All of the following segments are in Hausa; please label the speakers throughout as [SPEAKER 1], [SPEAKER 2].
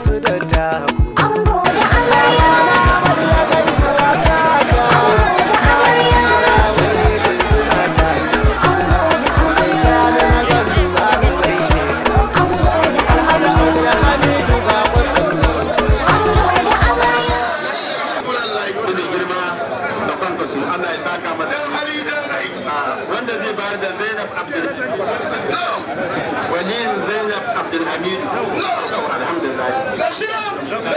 [SPEAKER 1] 是的。عبد الحميد الحمد
[SPEAKER 2] لله لا لا لا لا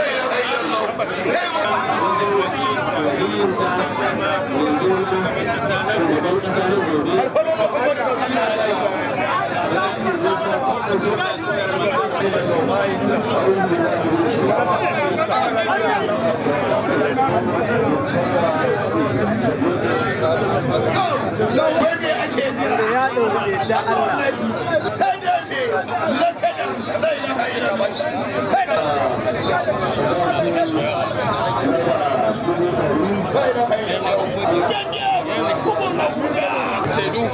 [SPEAKER 2] لا لا لا لا لا shaidu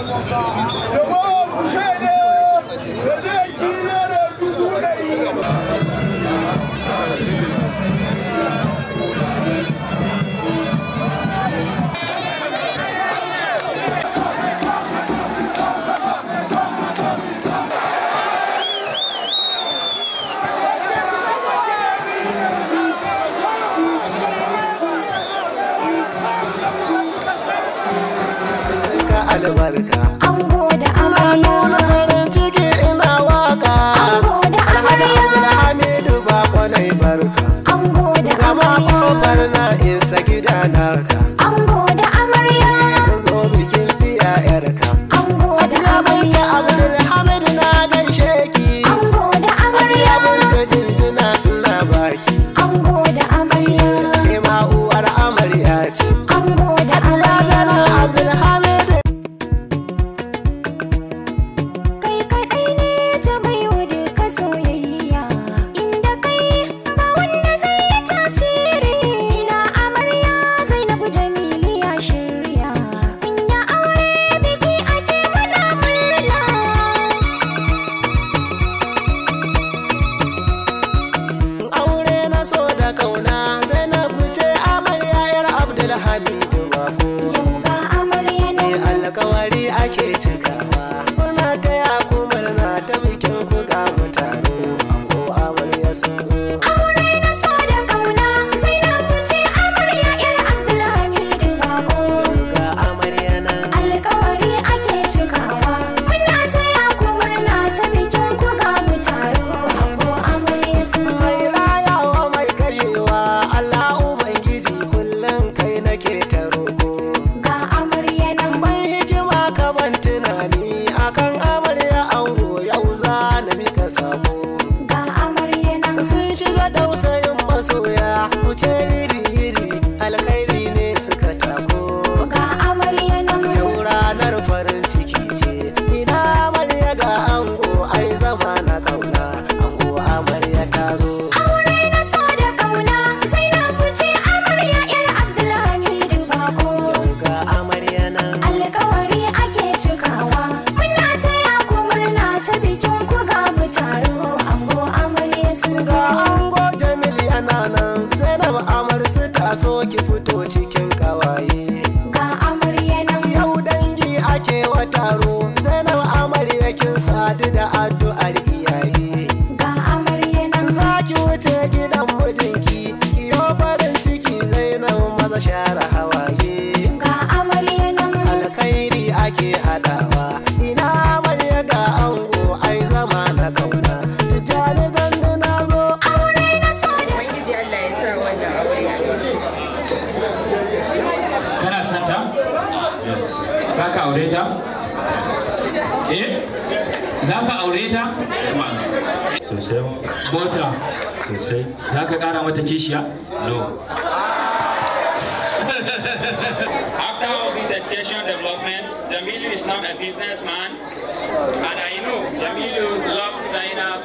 [SPEAKER 1] da barka. Ango da alhabi da bako. amarya alkawari ake ka samu ga amarya nan sun shiga dausayin masoya wuce iri canza share hawaye ga amarya nan alkhairi ake hadawa ina amarya ga ango ai zama na kauna tijjani gandu na zo
[SPEAKER 2] aure na so da ubangiji Allah ya sa wannan aure
[SPEAKER 1] kana son ta yes za ka aure ta eh za ka aure ta sosai bota sosai za ka kara mata kishiya no
[SPEAKER 2] Jamilu is not a businessman, and I know Jamilu loves Zainab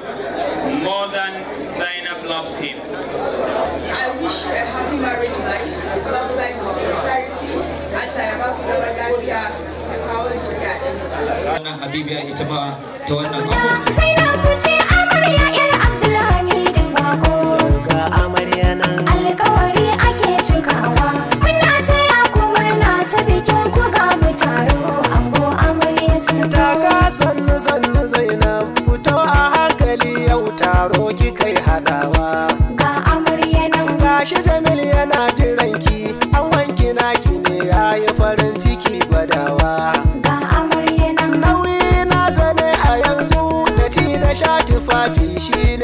[SPEAKER 2] more than Zainab loves him. I wish you a happy marriage life, love life of prosperity, and Zainab Zainab Wannan
[SPEAKER 1] Habibiya ita ma ta wannan
[SPEAKER 2] abu. Sai na fice amarya 'yar Abdullahi da bako. Ga amarya nan. Alkawari ake cikawa.
[SPEAKER 1] yi farin ciki badawa. ga amarya nan nauyi na sane a yanzu da ci da sha tufafi shi